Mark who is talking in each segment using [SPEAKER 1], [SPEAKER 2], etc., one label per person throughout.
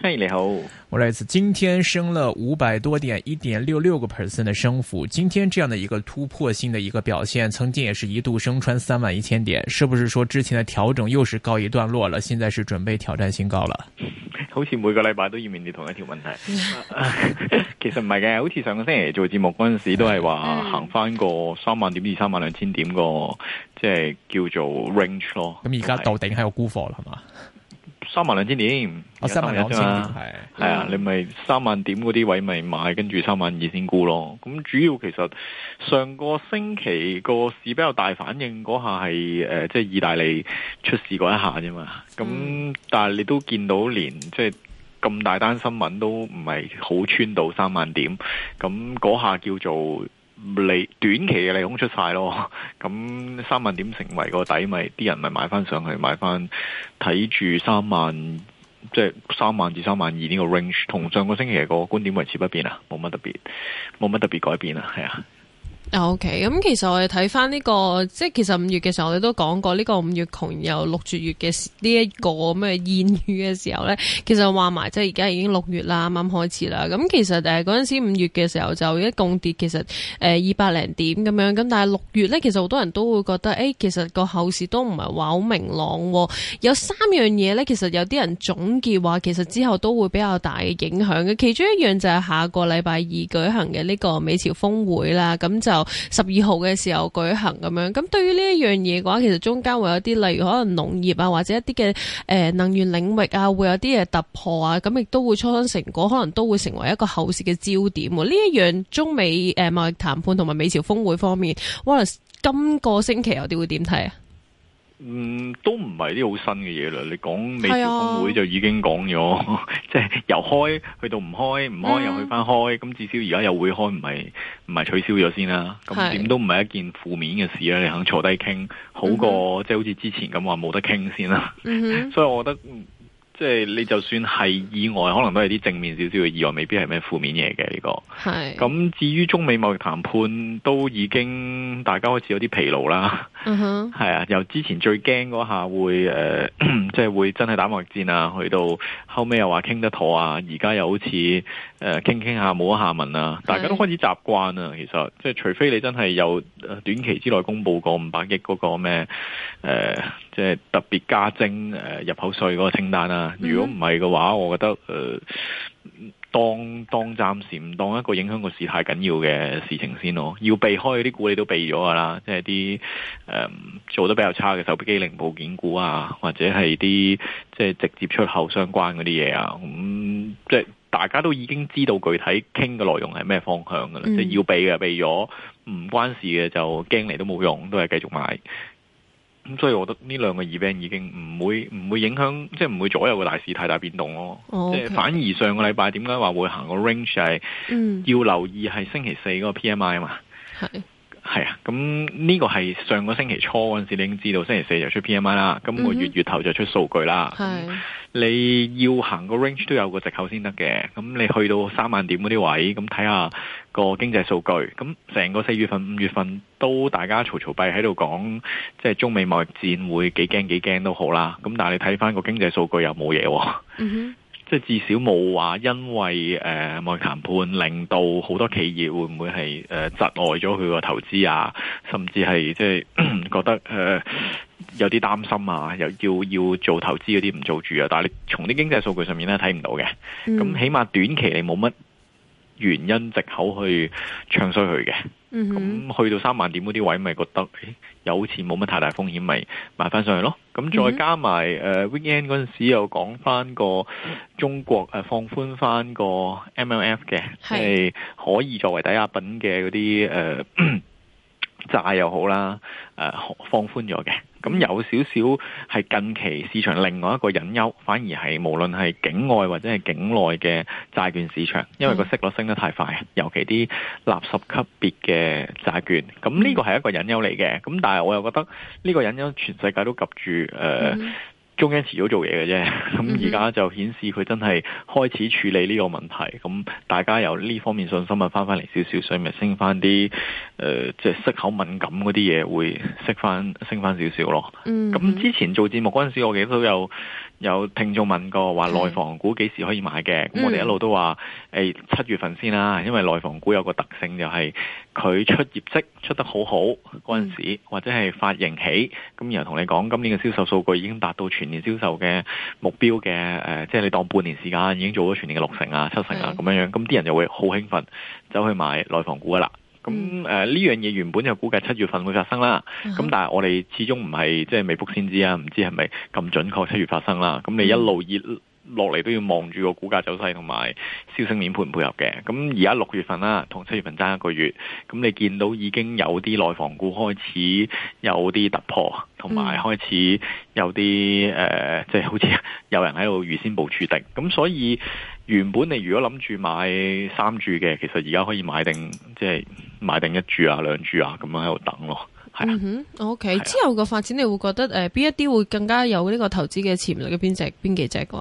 [SPEAKER 1] 嗨，hey, 你好！我嚟自，今天升了五百多點，一點六六個 percent 嘅升幅。今天這樣的一個突破性的一個表現，曾經也是一度升穿三萬一千點，是不是說之前的調整又是告一段落了？現在是準備挑戰新高了？好似每個禮拜都要面對同一條問題， 其實唔係嘅，好似上個星期做節目嗰陣時都係話行翻過三萬點至三萬兩千點個，即係叫做 range 咯。咁而家到底喺個沽貨啦，係嘛？ 三萬兩千點、哦，三萬兩千點，係係啊，你咪三萬點嗰啲位咪買，跟住三萬二先沽咯。咁主要其實上個星期個市比較大反應嗰下係誒，即、呃、係、即係、意大利出事嗰一下啫嘛。咁但係你都見到連即係咁大單新聞都唔係好穿到三萬點，咁嗰下叫做。利短期嘅利空出晒咯，咁三萬點成為個底，咪啲人咪買翻上去，買翻睇住三萬，即係三萬至三萬二呢個 range，同上個星期個觀點維持不變啊，冇乜特別冇乜特別改變啊，係啊。
[SPEAKER 2] O K，咁其實我哋睇翻呢個，即係其實五月嘅時候，我哋都講過呢個五月窮又六絕月嘅呢一個咩諺語嘅時候咧，其實話埋即係而家已經六月啦，啱啱開始啦。咁其實誒嗰陣時五月嘅時候就一共跌其實誒二百零點咁樣，咁但係六月咧，其實好多人都會覺得誒、欸，其實個後市都唔係話好明朗。有三樣嘢咧，其實有啲人總結話，其實之後都會比較大嘅影響嘅。其中一樣就係下個禮拜二舉行嘅呢個美朝峰會啦，咁就。十二號嘅時候舉行咁樣，咁對於呢一樣嘢嘅話，其實中間會有啲例如可能農業啊，或者一啲嘅誒能源領域啊，會有啲嘢突破啊，咁亦都會初生成果，可能都會成為一個後市嘅焦點。呢一樣中美誒貿易談判同埋美朝峰會方面，Wallace，今個星期有啲會點睇啊？
[SPEAKER 1] 嗯，都唔係啲好新嘅嘢啦。你講美朝峰會就已經講咗，即係、啊、 由開去到唔開，唔開又去翻開。咁、嗯、至少而家又會開，唔係唔係取消咗先啦、啊。咁點是都唔係一件負面嘅事啦、啊。你肯坐低傾，好過即係、嗯、哼好似之前咁話冇得傾先啦、啊。 嗯、哼所以我覺得，即、就、係、是、你就算係意外，可能都係啲正面少少嘅意外，未必係咩負面嘢嘅呢個。係是。咁至於中美貿易談判，都已經大家開始有啲疲勞啦。嗯哼，係、mm hmm. 啊，由之前最驚嗰下會誒、呃，即係會真係打貿易戰啊，去到後尾又話傾得妥啊，而家又好似誒傾傾下冇下文啊。大家都開始習慣啊。其實即係除非你真係有短期之內公布過五百億嗰個咩誒，即係特別加徵誒入口稅嗰個清單啊。如果唔係嘅話，我覺得誒。呃當當暫時唔當一個影響個事太緊要嘅事情先咯，要避開啲股你都避咗噶啦，即係啲誒做得比較差嘅手機零部件股啊，或者係啲即係直接出口相關嗰啲嘢啊，咁、嗯、即係大家都已經知道具體傾嘅內容係咩方向噶啦，嗯、即係要避嘅避咗，唔關事嘅就驚嚟都冇用，都係繼續買。咁所以，我覺得呢兩個 event 已經唔會唔會影響，即係唔會左右個大市太大變動咯。即係、Oh, okay. 反而上個禮拜點解話會行個 range 係、mm. 要留意係星期四個 PMI 啊嘛。係啊，咁呢個係上個星期初嗰陣時你已經知道，星期四就出 PMI 啦，每個月月頭就出數據啦。係、mm，hmm. 你要行個 range 都有個藉口先得嘅，咁你去到三萬點嗰啲位，咁睇下個經濟數據，咁成個四月份五月份都大家嘈嘈閉喺度講，即係中美貿易戰會幾驚幾驚都好啦，咁但係你睇翻個經濟數據又冇嘢。Mm hmm. 即係至少冇話，因為誒外、呃、貿談判令到好多企業會唔會係誒窒礙咗佢個投資啊？甚至係即係覺得誒、呃、有啲擔心啊？又要要做投資嗰啲唔做住啊？但係你從啲經濟數據上面咧睇唔到嘅，咁、嗯、起碼短期你冇乜。原因藉口去唱衰佢嘅，咁、mm hmm. 去到三萬點嗰啲位，咪覺得、哎、有好似冇乜太大風險，咪買翻上去咯。咁再加埋誒 weekend 嗰陣時又講翻個中國誒、呃、放寬翻個 MLF 嘅，即係、mm hmm. 可以作為抵押品嘅嗰啲誒。呃債又好啦，誒放寬咗嘅。咁有少少係近期市場另外一個隱憂，反而係無論係境外或者係境內嘅債券市場，因為個息率升得太快，尤其啲垃圾級別嘅債券，咁呢個係一個隱憂嚟嘅，咁但係我又覺得呢個隱憂全世界都及住誒。呃嗯中央遲早做嘢嘅啫，咁而家就顯示佢真係開始處理呢個問題。咁大家由呢方面信心咪翻返嚟少少，所以咪升翻啲，誒即係息口敏感嗰啲嘢會升翻升翻少少咯。咁、嗯、哼之前做節目嗰陣時，我記得都有。有聽眾問過話內房股幾時可以買嘅？嗯、我哋一路都話誒、欸、七月份先啦，因為內房股有個特性就係佢出業績出得好好嗰陣時，或者係發盈喜，咁、嗯、然後同你講今年嘅銷售數據已經達到全年銷售嘅目標嘅誒、呃，即係你當半年時間已經做咗全年嘅六成啊七成啊咁樣、嗯、樣，咁啲人就會好興奮走去買內房股噶啦。咁誒呢樣嘢原本就估計七月份會發生啦，咁、嗯、哼但係我哋始終唔係即係未卜先知啊，唔知係咪咁準確七月發生啦。咁、嗯、你一路熱落嚟都要望住個股價走勢同埋消息面配唔配合嘅。咁而家六月份啦，同七月份爭一個月，咁你見到已經有啲內房股開始有啲突破，同埋開始有啲誒，即係、嗯呃就是、好似有人喺度預先部署定。咁所以。原本你如果諗住買三注嘅，其實而家可以買定，即、就、係、是、買定一注啊、兩注啊咁樣喺度等咯。係啊、嗯、
[SPEAKER 2] ，OK 的。之後個發展你會覺得誒，邊一啲會更加有呢個投資嘅潛力嘅邊隻邊幾隻啩？
[SPEAKER 1] 誒、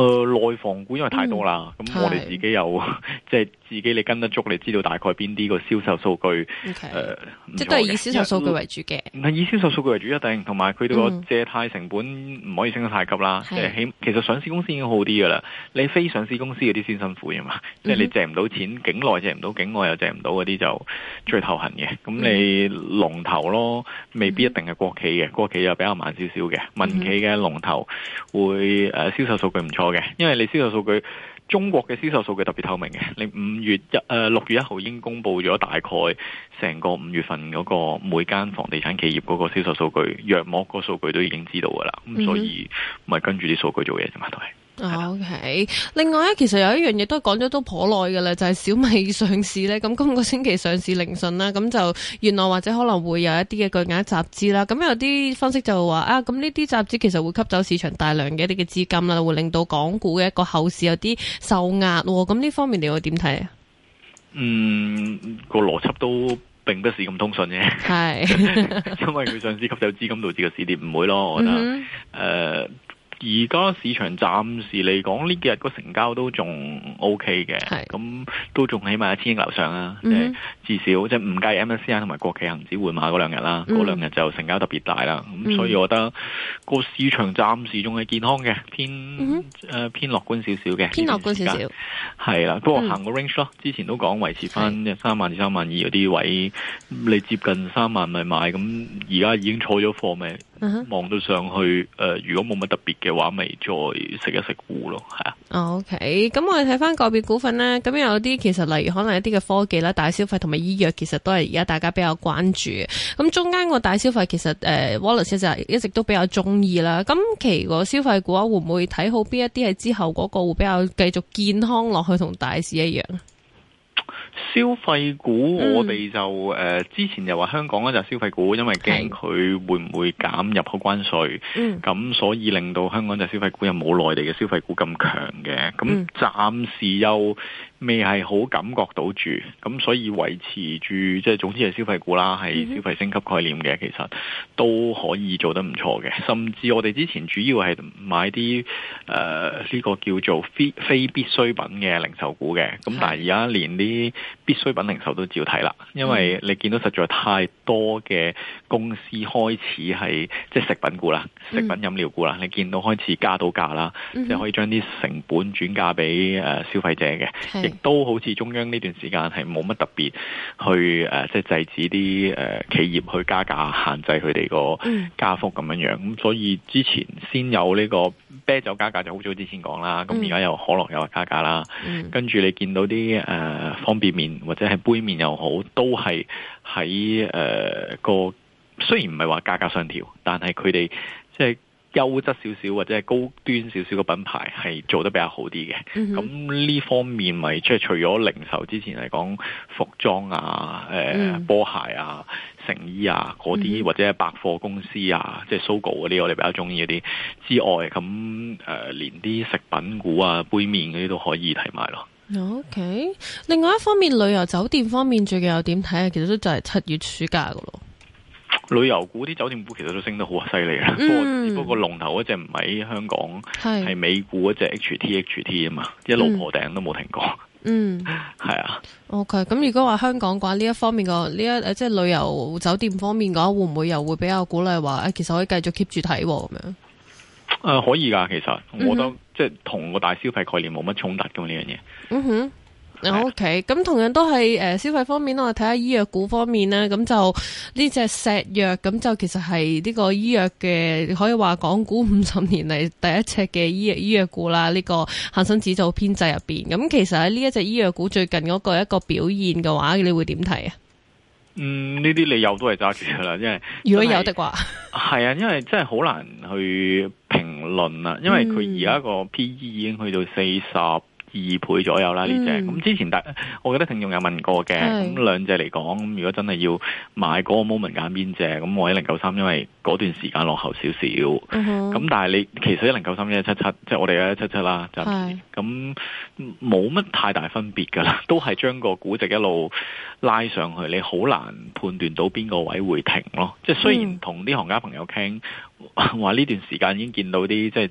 [SPEAKER 1] 呃，內房股因為太多啦、咁、嗯、我哋自己有即係。的 自己你跟得足，你知道大概邊啲個銷售數據，誒 Okay.、呃，即係都係以銷售數據為主嘅。唔係以銷售數據為主一定，同埋佢對個借貸成本唔可以升得太急啦。即係起其實上市公司已經好啲嘅啦，你非上市公司嗰啲先辛苦嘅嘛。Mm hmm. 即係你借唔到錢，境內借唔到境，境外又借唔到嗰啲就最頭痕嘅。咁、mm hmm. 你龍頭咯，未必一定係國企嘅，國企又比較慢少少嘅，民企嘅龍頭會誒銷、呃、售數據唔錯嘅，因為你銷售數據。中國嘅銷售數據特別透明嘅，你五月一誒六、呃、月一號已經公布咗大概成個五月份嗰個每間房地產企業嗰個銷售數據，約莫個數據都已經知道噶啦，咁、嗯、所以咪、嗯、跟住啲數據做嘢啫嘛，都係。o、okay.
[SPEAKER 2] k 另外咧，其實有一樣嘢，都講咗都頗耐噶啦，就係、是、小米上市咧。咁今個星期上市聆訊啦，咁就原來或者可能會有一啲嘅巨額集資啦。咁有啲分析就話啊，咁呢啲集資其實會吸走市場大量嘅一啲嘅資金啦，會令到港股嘅一個後市有啲受壓。咁呢方面你會點睇啊？嗯，那
[SPEAKER 1] 個邏輯都並不是咁通順
[SPEAKER 2] 嘅。係是，
[SPEAKER 1] 因為佢上市吸走資金導致個市跌，唔會咯。我覺得，誒、mm。Hmm. 呃而家市場暫時嚟講，呢幾日個成交都仲 OK 嘅，咁是都仲起碼一千億樓上啦。嗯、至少即係唔計 MSCI 同埋國企恆指換碼嗰兩日啦，嗰、嗯、兩日就成交特別大啦。咁、嗯、所以，我覺得個市場暫時仲係健康嘅，偏、嗯、偏樂觀少少嘅，偏樂觀少少。係啦，不過行個 range 咯，嗯、之前都講維持翻三萬至三萬二嗰啲位的，你接近三萬咪買，咁而家已經坐咗貨未？望到、uh huh。上去，誒、呃，如果冇乜特別嘅話，咪再食一食糊咯，係
[SPEAKER 2] 啊。OK，咁我哋睇翻個別股份啦。咁有啲其實例如可能一啲嘅科技啦、大消費同埋醫藥，其實都係而家大家比較關注嘅。咁中間個大消費其實，誒、呃、，Wallace 就一直都比較中意啦。咁期個消費股話，會唔會睇好邊一啲係之後嗰個會比較繼續健康落去同大市一樣？
[SPEAKER 1] 消費股，嗯、我哋就誒、呃，之前又話香港咧就消費股，因為驚佢會唔會減入口關稅，咁、嗯、所以令到香港就消費股又冇內地嘅消費股咁強嘅，咁暫時又，未係好感覺到住，咁所以維持住即係總之係消費股啦，係消費升級概念嘅，其實都可以做得唔錯嘅。甚至我哋之前主要係買啲誒呢個叫做非非必需品嘅零售股嘅，咁是但係而家連啲必需品零售都照睇啦，因為你見到實在太多嘅公司開始係即係食品股啦、食品飲料股啦，嗯、你見到開始加到價啦，即係、嗯、哼可以將啲成本轉嫁俾誒消費者嘅。都好似中央呢段時間係冇乜特別去誒、呃、即係制止啲誒、呃、企業去加價，限制佢哋個加幅咁樣樣，咁、嗯、所以之前先有呢個啤酒加價就好早之前講啦，咁而家又可樂又話加價啦，嗯、跟住你見到啲誒、呃、方便麵或者係杯麵又好，都係喺誒個雖然唔係話價格上調，但係佢哋即係。優質少少或者係高端少少嘅品牌係做得比較好啲嘅，咁呢、mm hmm. 方面咪即係除咗零售之前嚟講服裝啊、誒、呃 mm hmm. 波鞋啊、成衣啊嗰啲，mm hmm. 或者係百貨公司啊、即係 Sogo 嗰啲，我哋比較中意嗰啲之外，咁、呃、誒連啲食品股啊、杯麵嗰啲都可以睇埋咯。
[SPEAKER 2] OK，另外一方面，旅遊酒店方面最近又點睇啊？其實都就係七月暑假噶咯。
[SPEAKER 1] 旅遊股啲酒店股其實都升得好犀利啊！嗯、只不過龍頭嗰隻唔喺香港，係是美股嗰隻 HTHT 啊嘛，一、嗯、破頂都冇停過。嗯，係 啊。
[SPEAKER 2] OK，咁如果話香港嘅話，呢一方面個呢一即係旅遊酒店方面嘅話，會唔會又會比較鼓勵話？誒、哎，其實可以繼續 keep 住睇咁樣。
[SPEAKER 1] 誒、呃，可以噶，其實我覺得即係同個大消費概念冇乜衝突噶嘛呢樣嘢。嗯
[SPEAKER 2] 哼。O K，咁同樣都係誒、呃，消費方面我哋睇下醫藥股方面啦。咁就呢隻石藥，咁就其實係呢個醫藥嘅，可以話港股五十年嚟，第一隻嘅醫藥醫藥股啦。呢、這個恒生指數編制入邊，咁其實喺呢一隻醫藥股最近嗰個一個表現嘅話，你會點睇啊？
[SPEAKER 1] 嗯，呢啲理由都係揸住噶啦，因為 如果有的話，係啊，因為真係好難去評論呀，因為佢而家個 P E 已經去到四十。二倍左右啦呢隻，咁、嗯、之前大，我覺得聽眾有問過嘅，咁是、嗯、兩隻嚟講，如果真係要買嗰個 moment 揀邊隻，咁我一零九三，因為嗰段時間落後少少，咁、嗯、哼但係你其實一零九三一七七，即係我哋嘅一七七啦，就咁冇乜太大分別噶啦，都係將個估值一路拉上去，你好難判斷到邊個位會停咯，即係雖然同啲行家朋友傾。話呢段時間已經見到啲，即係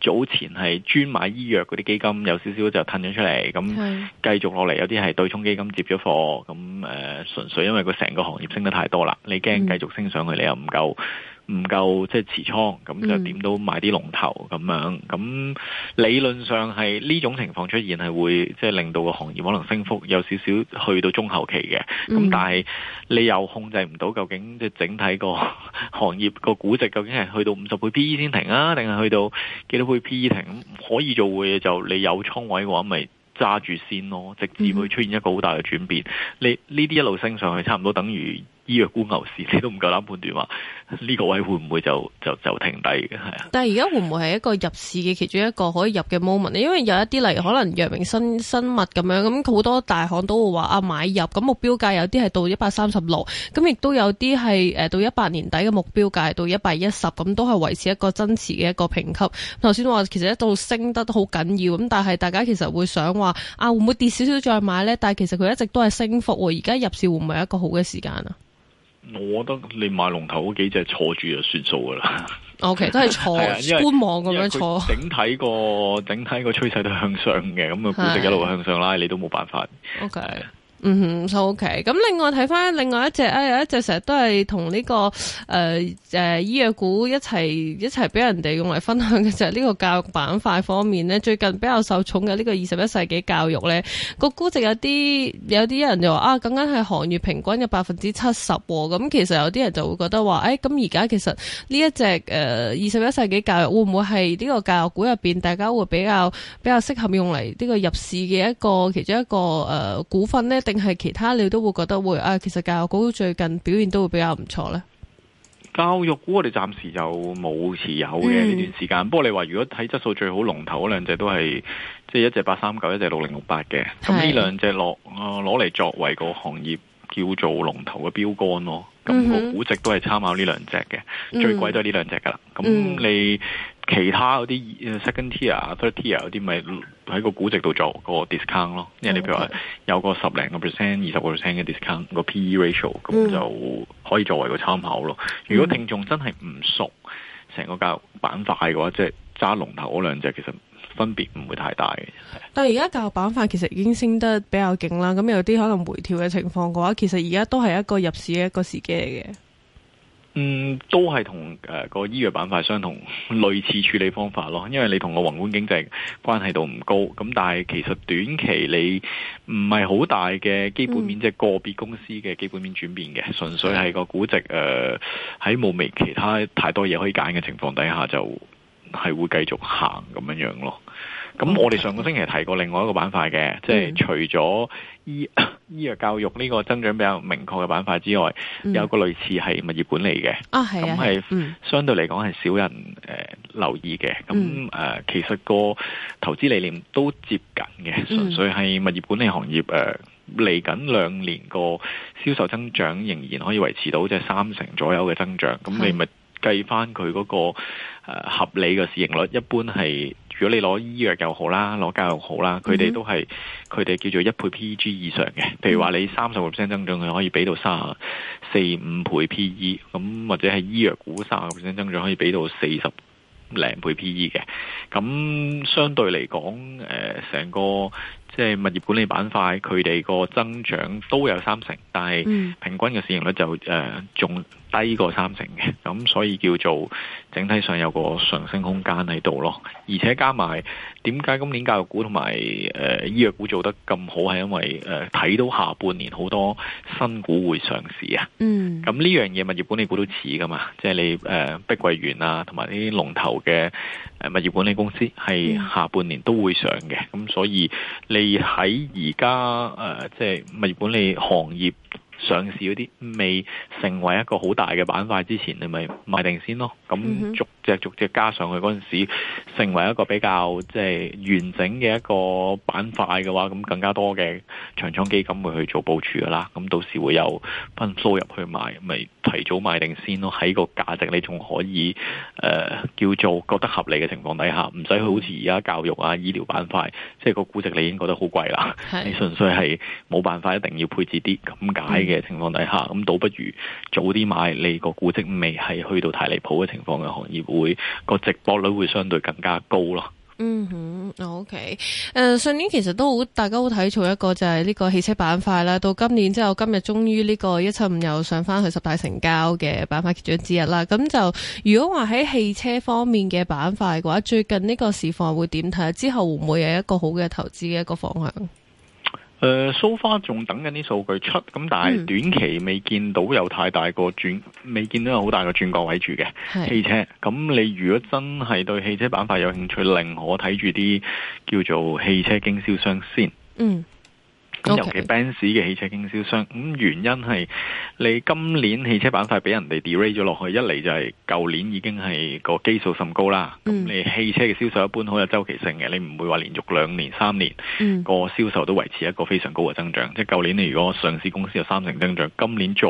[SPEAKER 1] 早前係專買醫藥嗰啲基金有少少就褪咗出嚟，咁繼續落嚟有啲係對沖基金接咗貨，咁誒、呃、純粹因為佢成個行業升得太多啦，你驚繼續升上去你又唔夠。嗯唔夠即係持倉，咁就點都買啲龍頭咁樣。咁理論上係呢種情況出現係會即係令到個行業可能升幅有少少去到中後期嘅。咁但係你又控制唔到究竟即係整體個行業個估值究竟係去到五十倍 PE 先停啊，定係去到幾多倍 PE 停？可以做會嘅就你有倉位嘅話，咪揸住先咯，直至會出現一個好大嘅轉變。你呢啲一路升上去，差唔多等於，醫藥股牛市，你都唔夠膽判斷話呢個位會唔會就就就停低嘅，係啊？
[SPEAKER 2] 但係而家會唔會係一個入市嘅其中一個可以入嘅 moment 咧？因為有一啲例如可能藥明新生，生物咁樣，咁好多大行都會話啊買入咁目標價有啲係到一百三十六，咁亦都有啲係誒到一八年底嘅目標價到一百一十，咁都係維持一個增持嘅一個評級。頭先話其實一度升得好緊要咁，但係大家其實會想話啊會唔會跌少少再買呢？但係其實佢一直都係升幅，而家入市會唔會係一個好嘅時間啊？
[SPEAKER 1] 我覺得你買龍頭嗰幾隻坐住就算數噶啦。
[SPEAKER 2] OK，都係坐觀望咁樣坐。
[SPEAKER 1] 整體個整 體個趨勢都向上嘅，咁個估值，一路向上啦， 你都冇辦法。OK。
[SPEAKER 2] 嗯、mm hmm，OK。咁另外睇翻另外一隻，啊有一隻成日都係同呢個誒誒、呃呃、醫藥股一齊一齊俾人哋用嚟分享嘅就係、是、呢個教育板塊方面咧，最近比較受寵嘅呢個二十一世紀教育咧，個估值有啲有啲人就話啊，咁梗係行業平均嘅百分之七十喎。咁、啊、其實有啲人就會覺得話，誒咁而家其實呢一隻誒二十一世紀教育會唔會係呢個教育股入邊，大家會比較比較適合用嚟呢個入市嘅一個其中一個誒、呃、股份咧？係其他你都會覺得會啊，其實教育股最近表現都會比較唔錯呢。
[SPEAKER 1] 教育股我哋暫時就冇持有嘅呢、嗯、段時間，不過你話如果睇質素最好龍頭嗰兩隻都係即係一隻八三九，一隻六零六八嘅。咁呢是兩隻落啊，攞、呃、嚟，作為個行業叫做龍頭嘅標杆咯。咁、嗯、哼個估值都係參考呢兩隻嘅，嗯、最貴都係呢兩隻噶啦。咁你、嗯。嗯其他嗰啲 second tier、third、啊 third tier 有啲咪喺個估值度做個 discount 咯，Okay. 因為你譬如話有個十零個 percent、二十個 percent 嘅 discount 個 PE ratio，咁、嗯、就可以作為一個參考咯。如果聽眾真係唔熟成個教育板塊嘅話，即係揸龍頭嗰兩隻，其實分別唔會太大嘅。
[SPEAKER 2] 但係而家教育板塊其實已經升得比較勁啦，咁有啲可能回調嘅情況嘅話，其實而家都係一個入市嘅一個時機嚟嘅。
[SPEAKER 1] 嗯，都係同誒個醫藥板塊相同類似處理方法咯，因為你同個宏觀經濟關係度唔高，咁、嗯、但係其實短期你唔係好大嘅基本面即係、嗯、個別公司嘅基本面轉變嘅，純粹係個估值誒喺冇咩其他太多嘢可以揀嘅情況底下就，就係會繼續行咁樣樣咯。咁、嗯、我哋上個星期提過另外一個板塊嘅，即係除咗醫醫藥教育呢個增長比較明確嘅板塊之外，嗯、有一個類似係物業管理嘅，咁係、哦啊、相對嚟講係少人誒、呃、留意嘅。咁誒、嗯呃，其實個投資理念都接近嘅，純粹係物業管理行業誒嚟緊兩年個銷售增長仍然可以維持到即係三成左右嘅增長。咁、嗯、你咪計翻佢嗰個誒、呃、合理嘅市盈率，一般係。如果你攞醫藥又好啦，攞教育又好啦，佢哋都係佢哋叫做一倍 PEG 以上嘅。譬如話你三十 percent 增長，佢可以俾到三四五倍 PE，咁或者係醫藥股三十 percent 增長可以俾到四十零倍 PE 嘅。咁相對嚟講，誒、呃、成個。即係物業管理板塊，佢哋個增長都有三成，但係平均嘅市盈率就誒仲、呃、低過三成嘅，咁所以叫做整體上有個上升空間喺度咯。而且加埋，點解今年教育股同埋誒醫藥股做得咁好？係因為誒睇、呃、到下半年好多新股會上市啊。嗯，咁呢樣嘢物業管理股都似噶嘛？即、就、係、是、你誒、呃、碧桂園啊，同埋啲龍頭嘅。物業管理公司係下半年都會上嘅，咁所以你喺而家誒，即、呃、係、就是、物業管理行業上市嗰啲未成為一個好大嘅板塊之前，你咪賣定先咯。咁足。繼續即係加上去嗰陣時，成為一個比較即係完整嘅一個板塊嘅話，咁更加多嘅長倉基金會去做部署噶啦。咁到時會有分收入去買，咪提早買定先咯。喺個價值你仲可以誒、呃、叫做覺得合理嘅情況底下，唔使好似而家教育啊、醫療板塊，即係個估值你已經覺得好貴啦。的你純粹係冇辦法一定要配置啲咁解嘅情況底下，咁的倒不如早啲買你個估值未係去到太離譜嘅情況嘅行業會個直播率會相對更加高咯。嗯
[SPEAKER 2] 哼，OK。誒，上年其實都好，大家好睇重一個就係呢個汽車板塊啦。到今年之後，今日終於呢個一七五又上翻去十大成交嘅板塊其中之一啦。咁就如果話喺汽車方面嘅板塊嘅話，最近呢個市況會點睇？之後會唔會有一個好嘅投資嘅一個方向？
[SPEAKER 1] 誒，蘇花仲等緊啲數據出，咁但係短期未見到有太大個轉，未見到有好大個轉角位住嘅是汽車。咁你如果真係對汽車板塊有興趣，寧可睇住啲叫做汽車經銷商先。嗯。Okay. 尤其 Benz 嘅汽車經銷商，咁、嗯、原因係你今年汽車板塊俾人哋 degrade 咗落去，一嚟就係舊年已經係個基數甚高啦。咁、嗯、你汽車嘅銷售一般好有周期性嘅，你唔會話連續兩年、三年個、嗯、銷售都維持一個非常高嘅增長。即係舊年你如果上市公司有三成增長，今年再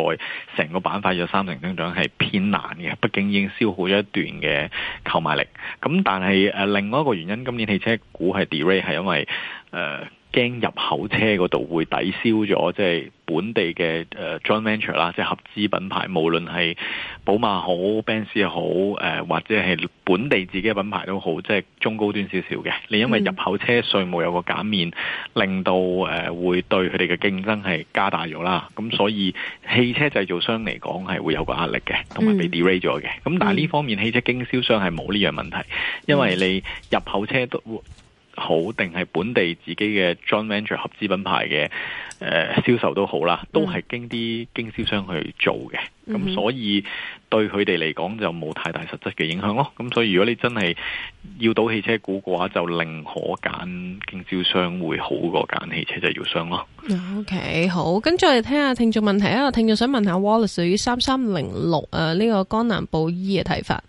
[SPEAKER 1] 成個板塊有三成增長係偏難嘅，畢竟已經消耗咗一段嘅購買力。咁但係誒，另外一個原因，今年汽車股係 degrade 係因為誒，呃驚入口車嗰度會抵消咗，即係本地嘅誒，joint venture 啦，uh, venture, 即係合資品牌，無論係寶馬好、Benz 好，誒、呃、或者係本地自己嘅品牌都好，即係中高端少少嘅。你因為入口車稅務有個減免，令到誒、uh, 會對佢哋嘅競爭係加大咗啦。咁所以汽車製造商嚟講係會有個壓力嘅，同埋被 delay 咗嘅。咁、嗯、但係呢方面，嗯、汽車經銷商係冇呢樣問題，因為你入口車都會。好定係本地自己嘅 John Venture 合資品牌嘅誒銷售都好啦，都係經啲經銷商去做嘅，咁、嗯、哼所以對佢哋嚟講就冇太大實質嘅影響咯。咁、嗯、哼所以如果你真係要到汽車股嘅話，就寧可揀經銷商會好過揀汽車製造商咯。
[SPEAKER 2] OK，好，跟住我哋聽下聽眾問題啊！聽眾想問,問下 Wallace 對於三三零、呃、六啊、這、呢個江南布衣嘅睇法。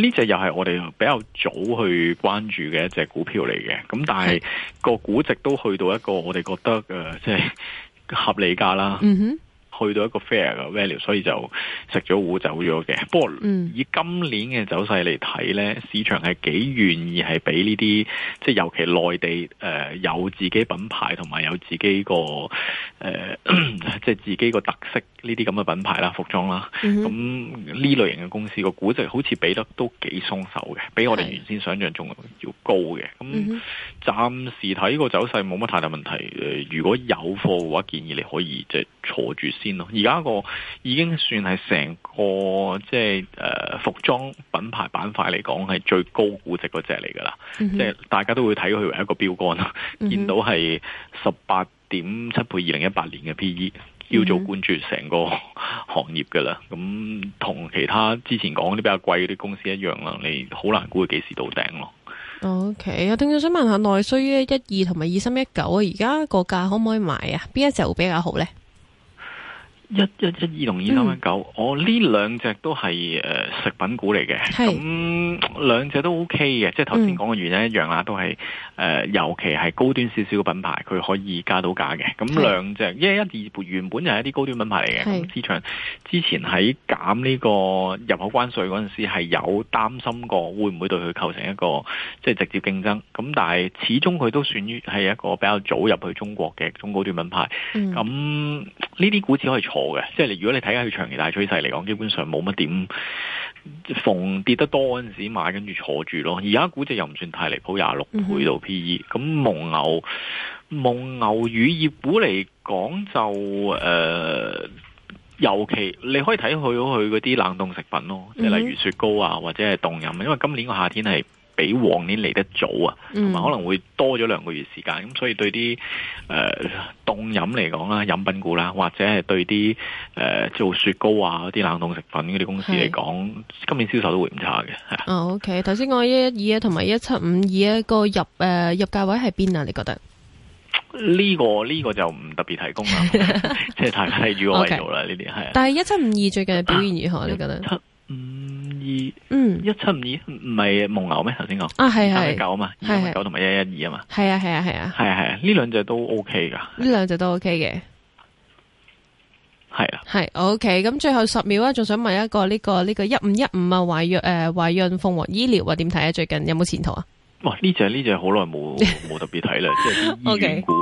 [SPEAKER 1] 呢隻又係我哋比較早去關注嘅一隻股票嚟嘅，咁但係個估值都去到一個我哋覺得誒，即係合理價啦。嗯哼。去到一個 fair 嘅 value，所以就食咗糊走咗嘅。不過以今年嘅走勢嚟睇咧，市場係幾願意係俾呢啲，即係尤其內地誒、呃、有自己品牌同埋有自己個誒、呃、即係自己個特色呢啲咁嘅品牌啦，服裝啦。咁呢、mm hmm. 類型嘅公司個估值好似俾得都幾鬆手嘅，比我哋原先想象仲要高嘅。咁、mm hmm. 暫時睇個走勢冇乜太大問題誒、呃、如果有貨嘅話建議你可以即係坐住先。而家個已經算係成個即係誒服裝品牌板塊嚟講，係最高估值嗰隻嚟噶啦。嗯、哼即係大家都會睇佢為一個標杆啦。嗯、哼見到係十八點七倍二零一八年嘅 P E，叫做關注成個行業噶啦。咁同、嗯、哼其他之前講啲比較貴嗰啲公司一樣啦，你好難估佢幾時到頂咯。
[SPEAKER 2] OK，阿丁總想問下內需一、一二同埋二三一九啊，而家個價可唔可以買啊？邊一隻會比較好咧？
[SPEAKER 1] 一、一、嗯、一二同二三一九，我呢兩隻都係誒、呃、食品股嚟嘅，咁兩隻都 O K 嘅，即係頭先講嘅原因一樣啦，嗯、都係誒、呃，尤其係高端少少嘅品牌，佢可以加到價嘅。咁兩隻一、一二原本就係一啲高端品牌嚟嘅，咁市場之前喺減呢個入口關稅嗰陣時係有擔心過會唔會對佢構成一個即係直接競爭，咁但係始終佢都算於係一個比較早入去中國嘅中高端品牌。咁呢啲股只可以。嗯嗯嗯嗯我嘅，即係你如果你睇下佢長期大趨勢嚟講，基本上冇乜點，逢跌得多嗰陣時買，跟住坐住咯。而家估值又唔算太離譜，廿六倍到 PE，咁蒙牛、蒙牛乳業股嚟講就誒、呃，尤其你可以睇佢嗰啲冷凍食品咯，即係例如雪糕啊或者係凍飲啊，因為今年個夏天係。比往年嚟得早啊，同埋可能會多咗兩個月時間，咁所以對啲誒凍飲嚟講啦，飲品股啦，或者係對啲誒做雪糕啊、啲冷凍食品嗰啲公司嚟講，是今年銷售都會唔差嘅。嗯、
[SPEAKER 2] 哦，OK，頭先我一一二同埋一七五二一個入誒、呃、入價位係邊啊？你覺得
[SPEAKER 1] 呢、這個呢、這個就唔特別提供啦，即 係大家睇住我為主啦，呢啲係。但係一七五二
[SPEAKER 2] 最近表現如何？你覺得？
[SPEAKER 1] 二嗯一七五二唔係蒙牛咩？頭先講啊係係九嘛，二一九同埋一一二啊嘛，
[SPEAKER 2] 係啊係啊係啊係啊係
[SPEAKER 1] 啊呢兩隻都 OK 噶，
[SPEAKER 2] 呢兩隻都 OK 嘅，
[SPEAKER 1] 係啊
[SPEAKER 2] 係 OK 咁最後十秒啊，仲想問一個呢個呢個一五一五啊，懷孕，誒懷孕鳳凰醫療啊，點睇啊？最近有冇前途啊？
[SPEAKER 1] 哇呢隻呢隻好耐冇冇特別睇啦，即係醫院股